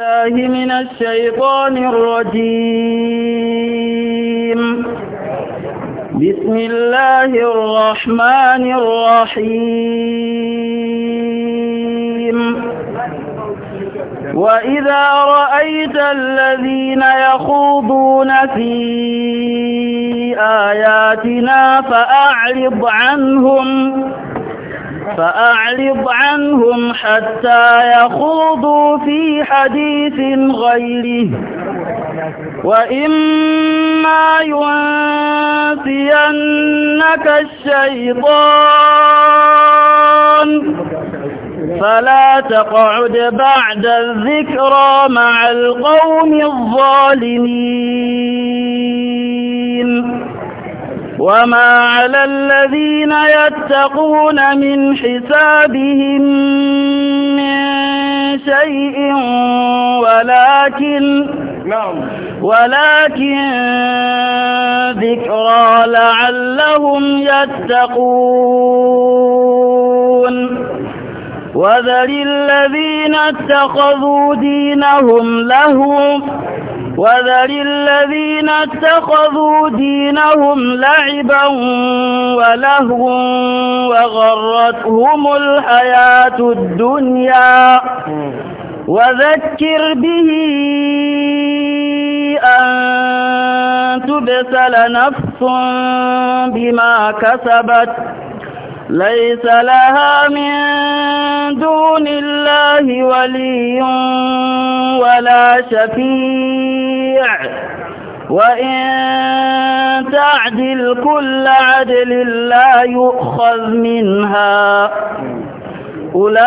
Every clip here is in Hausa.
الله من الشيطان الرجيم بسم الله الرحمن الرحيم وإذا رأيت الذين يخوضون في آياتنا فأعرض عنهم فأعرض عنهم حتى يخوضوا في حديث غيره وإما ينسينك الشيطان فلا تقعد بعد الذكرى مع القوم الظالمين وما على الذين يتقون من حسابهم من شيء ولكن نعم ولكن ذكرى لعلهم يتقون وذل الذين اتخذوا دينهم لهم وذل الذين اتخذوا دينهم لعبا ولهوا وغرتهم الحياة الدنيا وذكر به أن تبسل نفس بما كسبت ليس لها من دون الله ولي ولا شفيع وإن تعدل كل عدل لا يؤخذ منها أولئك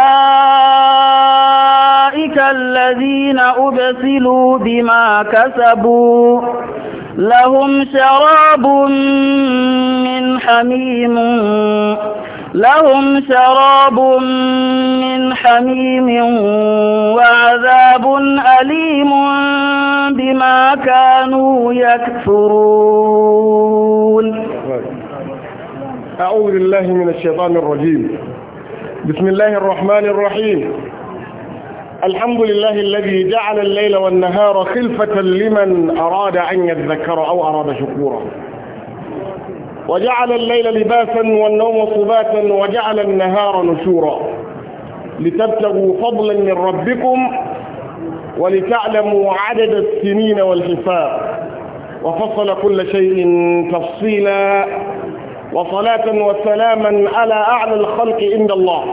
الذين أبسلوا بما كسبوا لهم شراب من حميم لهم شراب من حميم وعذاب أليم بما كانوا يكفرون أعوذ بالله من الشيطان الرجيم بسم الله الرحمن الرحيم الحمد لله الذي جعل الليل والنهار خلفة لمن أراد أن يذكر أو أراد شكورا وجعل الليل لباسا والنوم سباتا وجعل النهار نشورا لتبتغوا فضلا من ربكم ولتعلموا عدد السنين والحساب وفصل كل شيء تفصيلا وصلاة وسلاما على أعلى الخلق عند الله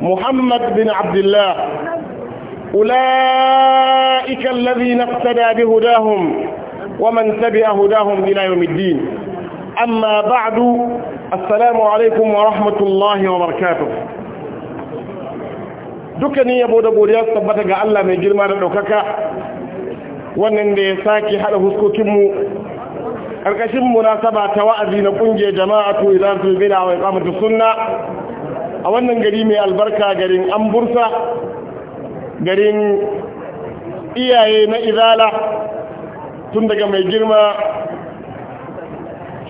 محمد بن عبد الله أولئك الذين اقتدى بهداهم ومن تبع هداهم إلى يوم الدين أما بعد السلام عليكم ورحمة الله وبركاته dukkanin yabo da godiya su tabbata ga Allah mai girma da ɗaukaka wannan da ya sake haɗa huskokinmu ƙarƙashin munasaba ta wa'azi na ƙungiyar jama'a to idan su bida wa iqamatu sunna a wannan gari mai albarka garin an bursa garin iyaye na izala tun daga mai girma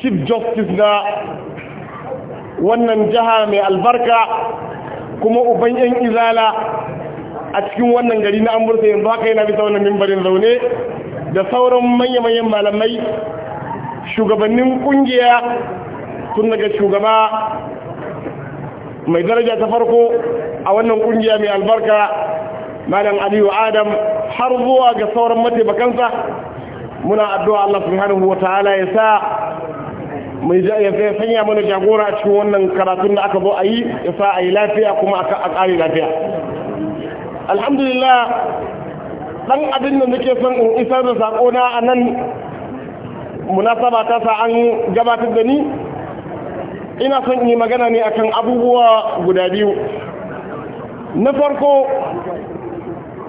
chief justice na wannan jiha mai albarka kuma uban yan izala a cikin wannan gari na amurka yanzu haka yana bisa wannan mimbarin zaune da sauran manya-manyan malamai shugabannin kungiya tun daga shugaba mai daraja ta farko a wannan kungiya mai albarka malam aliyu adam har zuwa ga sauran mataimakansa muna addu'a Allah subhanahu wa ta'ala ya sa mai ya sanya mana jagora cikin wannan karatun da aka zo a yi ya sa a yi lafiya kuma a ƙari lafiya alhamdulillah ɗan abin da nake son in isar da saƙona a nan munasaba ta sa an gabatar da ni ina son yi magana ne akan abubuwa guda biyu na farko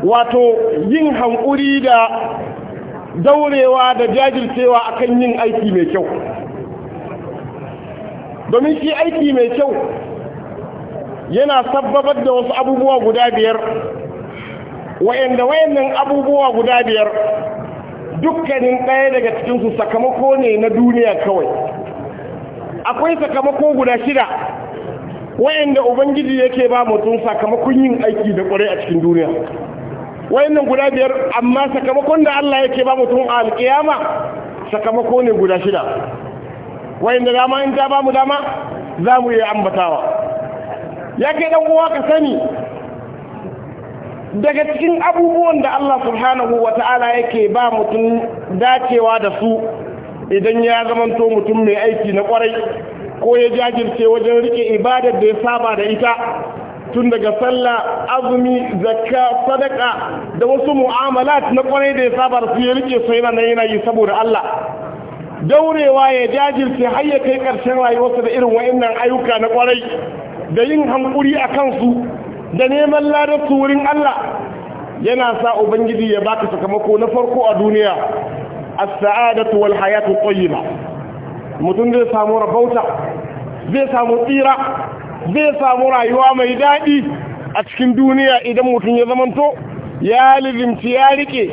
wato yin hankuri da daurewa da jajircewa akan yin aiki mai kyau domin shi aiki mai kyau yana sabbabar da wasu abubuwa guda biyar wa'anda wayannan abubuwa guda biyar dukkanin ɗaya daga cikinsu sakamako ne na duniya kawai akwai sakamako guda shida wayanda ubangiji yake ba mutum sakamakon yin aiki da ƙwarai a cikin duniya wayannan guda biyar amma sakamakon da Allah yake ba mutum a alƙiyama sakamako ne guda shida da dama in ta ba mu dama za mu yi ambatawa ya ke dan uwa ka sani daga cikin abubuwan da Allah subhanahu wa ta'ala yake ba mutum dacewa da su idan ya zamanto mutum mai aiki na kwarai ko ya jajirce wajen rike ibadar da ya saba da ita tun daga sallah azumi zakka sadaka da wasu mu'amalat na kwarai da ya saba da su ya rike su yana yana yi saboda Allah daurewa ya jajirce har ya kai ƙarshen rayuwarsa da irin wayannan ayyuka na ƙwarai da yin hankuri a kansu da neman ladarsu wurin Allah yana sa ubangiji ya baka sakamako na farko a duniya a saadatu wal hayatu tayyiba mutum zai samu rabauta zai samu tsira zai samu rayuwa mai daɗi a cikin duniya idan mutum ya zamanto ya lizinci ya riƙe.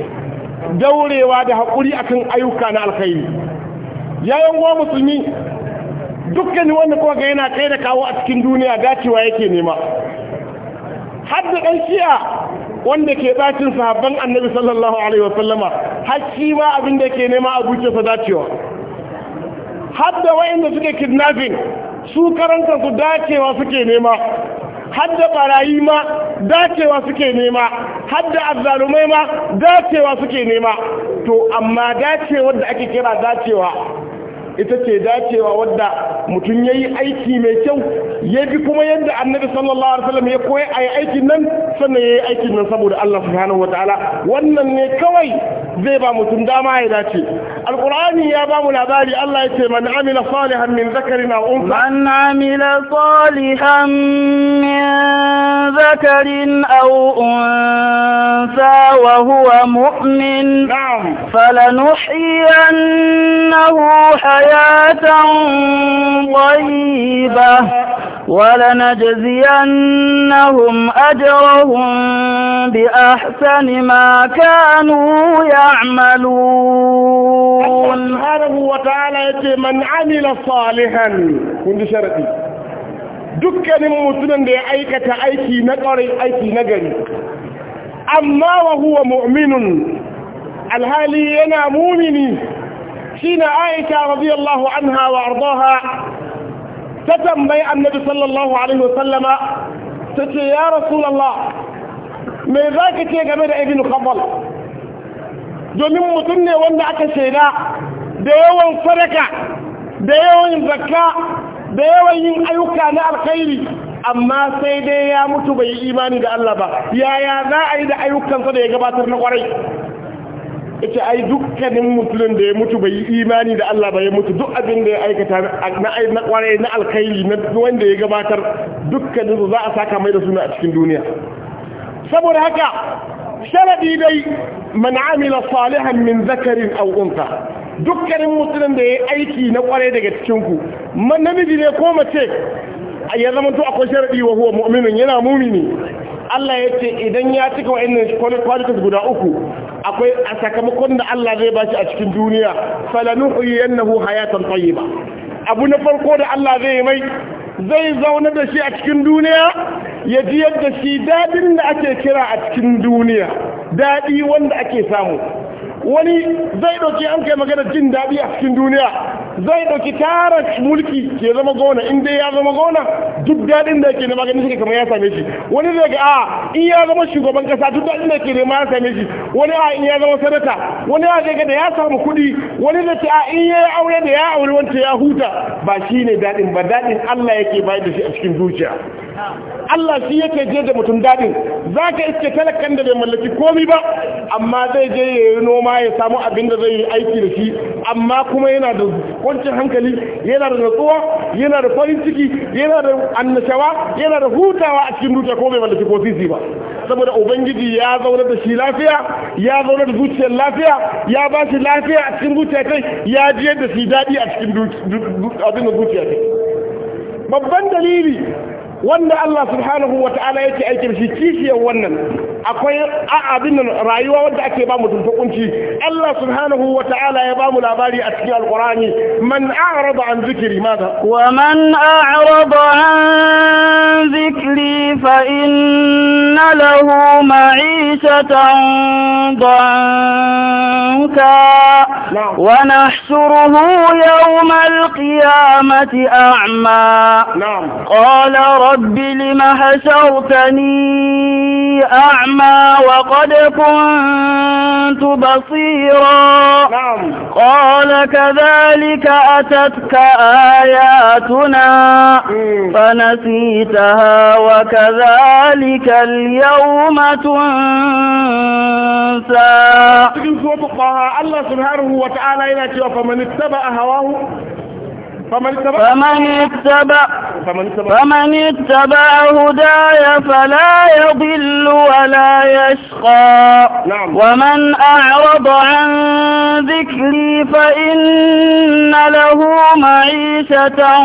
daurewa da haƙuri akan ayyuka na alkhairi yayin uwa musulmi dukkan wanda kuma ga yana kai da kawo a cikin duniya dacewa yake nema har da ɗan shi'a wanda ke ɗacin sahabban annabi sallallahu alaihi wasallama har shi ma abin da ke nema a zuciyarsa dacewa har da suke kidnapping su karanta su dacewa suke nema har da barayi ma dacewa suke nema har da azzalumai ma dacewa suke nema to amma dacewar da ake kira dacewa ita ce dacewa wadda mutum ya yi aiki mai kyau ya bi kuma yadda annabi sallallahu alaihi wasallam ya koya a yi aikin nan sannan ya yi aikin nan saboda Allah subhanahu wa ta'ala wannan ne kawai zai ba mutum dama ya dace alqur'ani ya ba mu labari Allah ya ce man amila salihan min zakarin aw unsa man amila salihan min zakarin aw unsa wa huwa mu'min na'am falanuhyiyannahu حياة طيبة ولنجزينهم أجرهم بأحسن ما كانوا يعملون سبحانه وتعالى من عمل صالحا كنت شرقي دكاً مسلم لأيكة أيكي نقري أيكي نقري أما وهو مؤمن الهالي أنا مؤمني حين عائشة رضي الله عنها وأرضاها تتنبي النبي صلى الله عليه وسلم تتي يا رسول الله mai za ka ce game da ibn khabbal domin mutum ne wanda aka shaida da yawan sadaka da yawan zakka da yawan yin ayyuka na alkhairi amma sai dai ya mutu bai yi imani da Allah ba yaya za a yi da ayyukansa da ya gabatar na kwarai yace ai dukkanin musulun da ya mutu bai yi imani da Allah ba ya mutu duk abin da ya aikata na na kware na alkhairi na wanda ya gabatar dukkanin za a saka mai da suna a cikin duniya saboda haka sharadi dai man amila salihan min zakarin aw unsa dukkanin musulun da ya aiki na kware daga cikin ku namiji ne ko mace ya zama to akwai sharadi wa huwa mu'minin yana mumini Allah ya ce idan ya cika wa'annan qualifications guda uku akwai a sakamakon da Allah zai bashi a cikin duniya yannahu hayatan tayyiba abu na farko da Allah zai mai zai zauna da shi a cikin duniya ya ji yadda shi dadin da ake kira a cikin duniya dadi wanda ake samu wani zai ɗauki an kai magana jin daɗi a cikin duniya zai ɗauki tara mulki ke zama gona in dai ya zama gona duk daɗin da yake nema ganin shi kamar ya same shi wani zai ga a in ya zama shugaban kasa duk daɗin da yake nema ya same shi wani a in ya zama sanata wani a zai ga da ya samu kuɗi wani zai ce a in ya yi aure da ya aure wanda ya huta ba shi ne daɗin ba daɗin Allah yake bayar da shi a cikin zuciya Allah shi yake je da mutum daɗin za ka iske talakan da bai mallaki komi ba amma zai je ya yi noma ya samu abin da zai yi aiki da shi amma kuma yana da kwancin hankali yana da natsuwa yana da farin ciki yana da annashawa yana da hutawa a cikin zuciya ko bai mallaki ko sisi ba saboda ubangiji ya zaunar da shi lafiya ya zaunar da zuciyar lafiya ya ba shi lafiya a cikin zuciya kai ya je da shi daɗi a cikin abin babban dalili wanda Allah subhanahu wa ta'ala yake aikin shi kishi kishiyar wannan akwai abin rayuwa wanda ake ba mu tuntukunci Allah subhanahu wa ta'ala ya ba mu labari a cikin alqurani man a'rada an zikri madha wa man a'rada an zikri fa inna lahu ma'ishatan danka نعم. ونحشره يوم القيامة أعمى نعم. قال رب لم حشرتني أعمى وقد كنت بصيرا نعم. قال كذلك أتتك آياتنا فنسيتها وكذلك اليوم تنسى الله سبحانه wa ta'ala yana cewa faman ittaba hawahu فمن اتبع فمن اتبع فمن اتبع هداي فلا يضل ولا يشقى نعم. ومن أعرض عن ذكري فإن له معيشة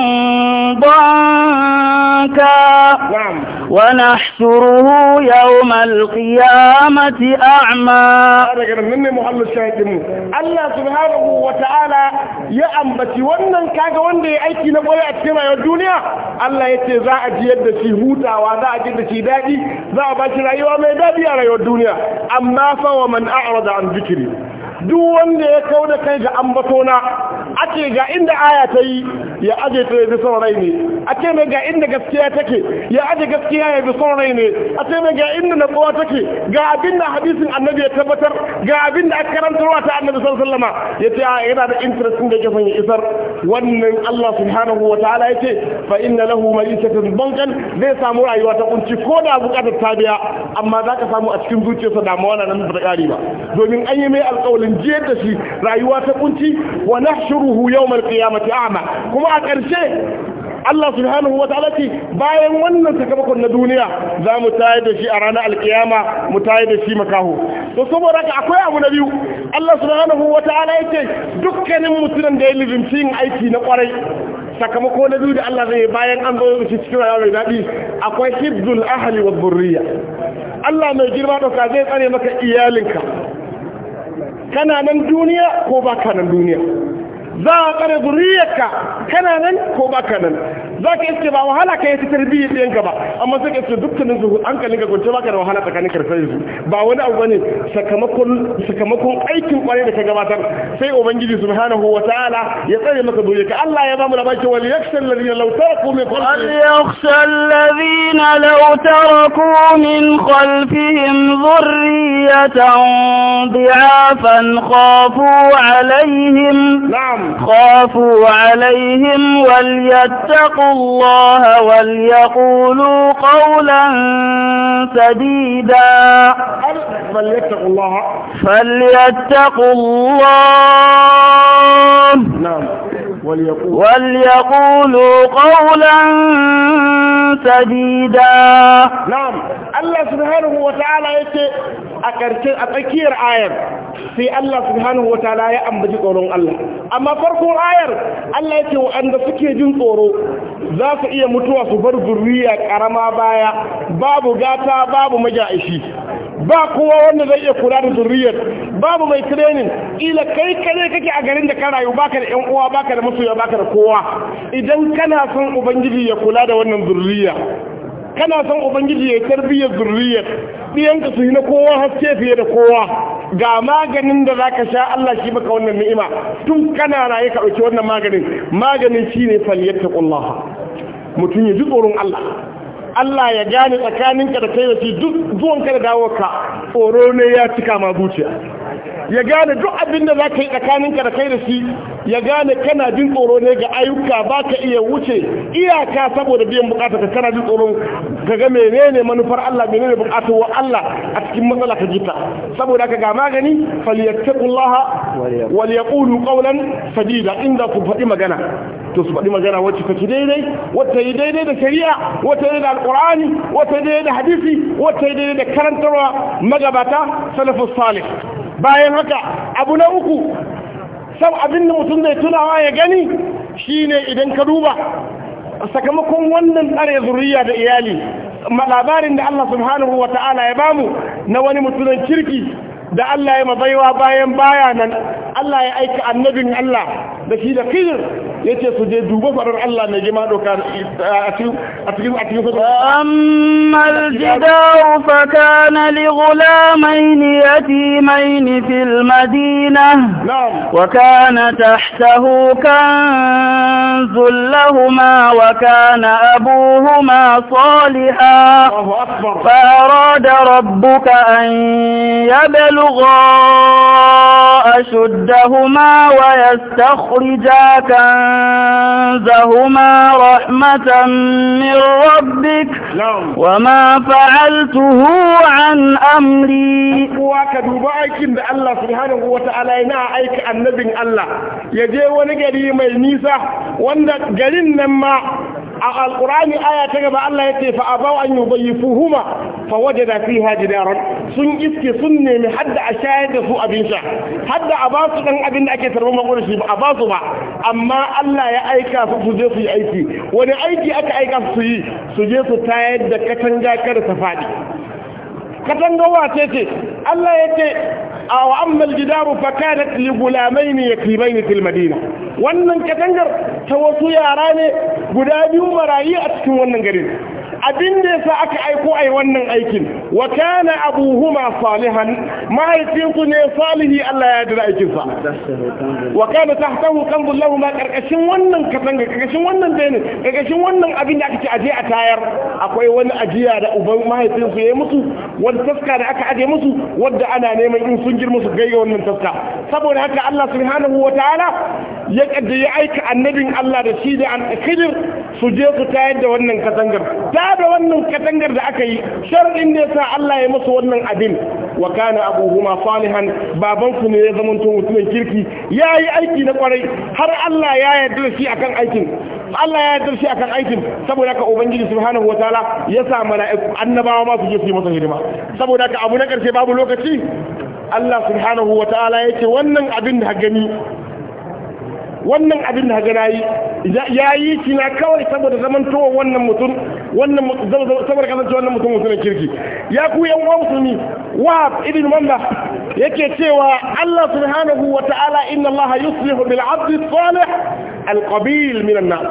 ضنكا نعم. ونحشره يوم القيامة أعمى الله سبحانه وتعالى يا أمتي ونن كاك ونن wanda ya aiki na kwarai a cikin rayuwar duniya Allah ya ce za a ji yadda shi hutawa za a ji da shi daɗi za a ba shi rayuwa mai daɗi a rayuwar duniya amma fa wa man a'rada an zikiri duk wanda ya kau da kai ga ambatona ake ga inda aya ta yi ya aje ta bi son rai ne ake mai ga inda gaskiya take ya aje gaskiya ya bi son rai ne ake mai ga inda na kowa take ga abin da hadisin annabi ya tabbatar ga abin da aka karantarwa ta annabi sallallahu alaihi yace a yana da interest da ke son ya isar wannan Allah subhanahu wa ta'ala yace fa inna lahu malikatan bankan zai samu rayuwa ta kunci ko da bukatar ta biya amma ka samu a cikin zuciyarsa damuwa nan ba ta kare ba domin an yi mai alƙawarin rinjiyar da shi rayuwa ta kunci wa nahshuruhu yawmal qiyamati a'ma kuma a ƙarshe Allah subhanahu wa ta'ala ce bayan wannan sakamakon na duniya za mu tayar da shi a ranar alkiyama mu tayar da shi makaho to saboda haka akwai abu na biyu Allah subhanahu wa ta'ala ya ce dukkanin mutumin da ya lizinci yin aiki na kwarai sakamako na biyu da Allah zai bayan an zo da shi cikin rayuwa mai daɗi akwai hibzul ahli wa Allah mai girma doka zai tsare maka iyalinka kana nan duniya ko ba ka nan duniya za a kare zuriyarka kana nan ko ba ka nan za ka iske ba wahala ka yi ta tarbiyyar ɗiyanka ba amma sai ka iske dukkanin su hankalin ka kwanci baka da wahala tsakanin karfai su ba wani abu bane sakamakon aikin kwarai da ka gabatar sai ubangiji su subhanahu wa ta'ala ya tsare maka ka Allah ya ba mu labaki wal yakhshal ladina law taraku min wal yakhshal ladina law taraku min khalfihim dhurriyatan ضعافا خافوا عليهم نعم خافوا عليهم وليتقوا الله وليقولوا قولا سديدا فليتقوا الله فليتقوا الله نعم وليقولوا, وليقولوا قولا سديدا نعم الله سبحانه وتعالى يتي أكير آية sai Allah subhanahu wataala ya ambaci tsoron Allah amma farkon ayar Allah yake wanda suke jin tsoro za su iya mutuwa su bar zuriya karama baya babu gata babu majaishi ba kowa wanda zai iya kula da zuriyar babu mai training ila kai kare kake a garin da ka rayu baka da ƴan uwa baka da uku ya baka da kowa idan kana son ubangiji ya kula da wannan zurriya kana son ubangiji ya tarbiyyar zurriyar ɗiyanka su yi na kowa haske fiye da kowa ga maganin da zaka sha Allah shi baka wannan ni'ima tun kana raye ka ɗauki wannan maganin maganin shine falyattaqullah mutun ya ji tsoron Allah Allah ya gane tsakaninka da kai da shi duk zuwanka da dawo ka tsoro ne ya cika ma zuciya ya gane duk abin da za ka yi tsakaninka da kai da shi ya gane kana jin tsoro ne ga ayyuka ba ka iya wuce iyaka saboda biyan bukata ka kana jin tsoron ka ga menene manufar Allah menene bukata wa Allah a cikin matsala ka jita saboda ka ga magani falyattaqullaha wal yaqulu qawlan sadida inda ku faɗi magana to su faɗi magana wacce take daidai wacce yi daidai da shari'a wacce yi da alqur'ani wacce yi da hadisi wacce yi da karantarwa magabata salafus salih bayan haka abu na uku sau abin da mutum zai tunawa ya gani shine idan ka duba sakamakon wannan tsare zuriya da iyali labarin da Allah subhanahu wa ta'ala ya bamu na wani mutumin kirki da Allah ya mabaiwa bayan baya nan Allah ya aika annabin Allah da shi da khidir yace su je duba farar Allah mai jima doka a cikin a cikin a cikin amma al-jidar fa kana li ghulamayn yatimayn fil madinah na'am wa kana tahtahu kanzul lahumā wa kana abūhumā ṣāliḥan fa arāda rabbuka an yablugha أشدهما ويستخرجا كنزهما رحمة من ربك نعم. وما فعلته عن أمري أقواك دبائك عند الله سبحانه وتعالى إنا أيك النبي الله يجي ونقري ميميسة وانا قرين لما a alkur'ani aya ta gaba Allah yace fa abaw an fuhuma, fa wajada fiha jidaran sun iske sun nemi hadda a shayar da su abin sha hadda a ba su dan abin da ake tarban magwaro shi ba a ba su ba amma Allah ya aika su su je su yi aiki wani aiki aka aika su yi su je su tayar da katanga kada ta faɗi katanga wace ce Allah ya ce aw amma al-jidaru fa kanat li gulamayn yakibayn fil madina wannan katangar ta wasu yara ne guda biyu marayi a cikin wannan garin abin da yasa aka aiko ai wannan aikin wa kana abuhuma salihan ku ne salihi Allah ya dira aikin sa wa kana tahtahu kanzul lahum karkashin wannan katanga karkashin wannan bene karkashin wannan abin da aka ce aje a tayar akwai wani ajiya da uban mahaifinsu yayi musu wani taska da aka aje musu wanda ana neman in sun girma su gaiga wannan taska saboda haka Allah subhanahu wataala ya kaddi ya aika annabin Allah da shi da al su je su tayar da wannan katangar ta da wannan katangar da aka yi sharɗin ne sa Allah ya musu wannan abin wa kana abuhuma salihan baban ne ya zama mutumin kirki yayi aiki na kwarai har Allah ya yarda shi akan aikin Allah ya yarda shi akan aikin saboda ka ubangiji subhanahu wataala ya sa mala'iku annabawa ma su je su yi masa hidima saboda ka abu na karshe babu lokaci Allah subhanahu wataala yake wannan abin da gani wannan abin da haka nayi ya yi shi na kawai saboda zaman towa wannan mutum wannan saboda kasance wannan mutum mutumin kirki ya ku yan uwa musulmi wa ibn manda yake cewa Allah subhanahu wa ta'ala inna Allah yuslihu bil 'abdi salih al qabil min an-nas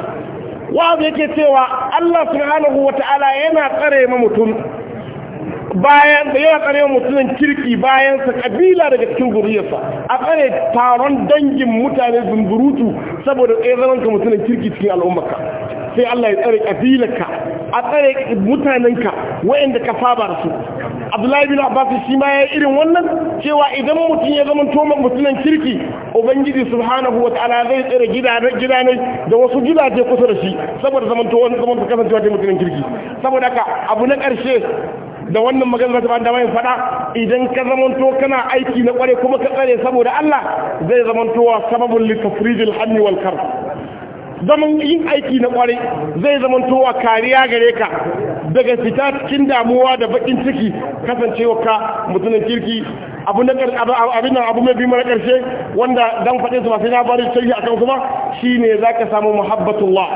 wa yake cewa Allah subhanahu wa ta'ala yana tsare ma mutum bayan da yawa tsare mutumin kirki bayan sa kabila daga cikin guriyarsa a tsare taron dangin mutane zumburutu saboda tsaye zamanka mutumin kirki cikin al'ummarka sai Allah ya tsare kabilarka a tsare mutanenka waɗanda ka saba da su Abdullahi bin Abbas shi ma ya irin wannan cewa idan mutum ya zama to mutumin kirki ubangiji subhanahu wataala zai tsare gidanai da wasu gidaje kusa da shi saboda zaman to zaman kasancewa mutumin kirki saboda ka abu na karshe da wannan magana za ta bani dama in faɗa idan ka zamanto kana aiki na kware kuma ka tsare saboda Allah zai zamantowa sababun litafrijil hanni wal karb zaman yin aiki na kwarai zai zamantowa kariya gare ka daga fita cikin damuwa da bakin ciki kasancewa ka mutumin kirki abu na abin nan abu mai bi mara karshe wanda dan faɗe su ba sai na bari sai akan kuma shine zaka samu muhabbatullah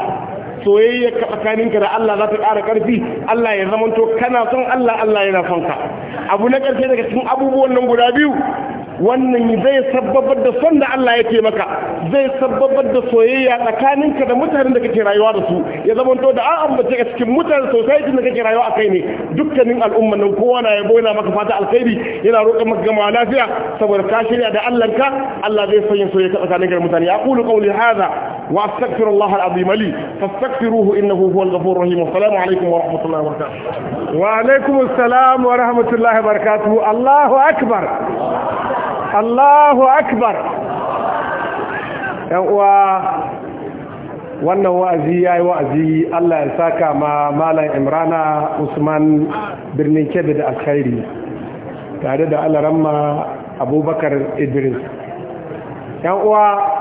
soyayya tsakaninka da Allah za ta ƙara ƙarfi Allah ya zamanto kana son Allah Allah yana son ka abu na ƙarshe daga cikin abubuwan nan guda biyu wannan zai sababar da son da Allah yake maka zai sababar da soyayya tsakaninka da mutanen da kake rayuwa da su ya zama to da an ambace ka cikin mutanen society da kake rayuwa a kai ne dukkanin al'umman nan kowa na yabo yana maka fata alkhairi yana roƙa maka gama lafiya saboda ka shirya da Allah ka Allah zai sanya soyayya tsakaninka da mutane ya qulu qawli hadha واستغفر الله العظيم لي فاستغفروه انه هو الغفور الرحيم والسلام عليكم ورحمه الله وبركاته وعليكم السلام ورحمه الله وبركاته الله اكبر الله اكبر wannan wa'azi ya yi wa'azi Allah ya saka ma Malam Imrana Usman birnin Kebbi da Alkhairi tare da Alaramma Abubakar Idris. ‘Yan uwa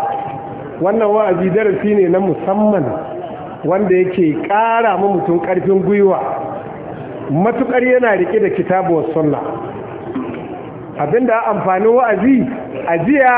wannan wa'azi darasi ne na musamman wanda yake ƙara ma mutum ƙarfin gwiwa matuƙar yana riƙe da kitabu sunna abinda amfanin wa'azi ajiya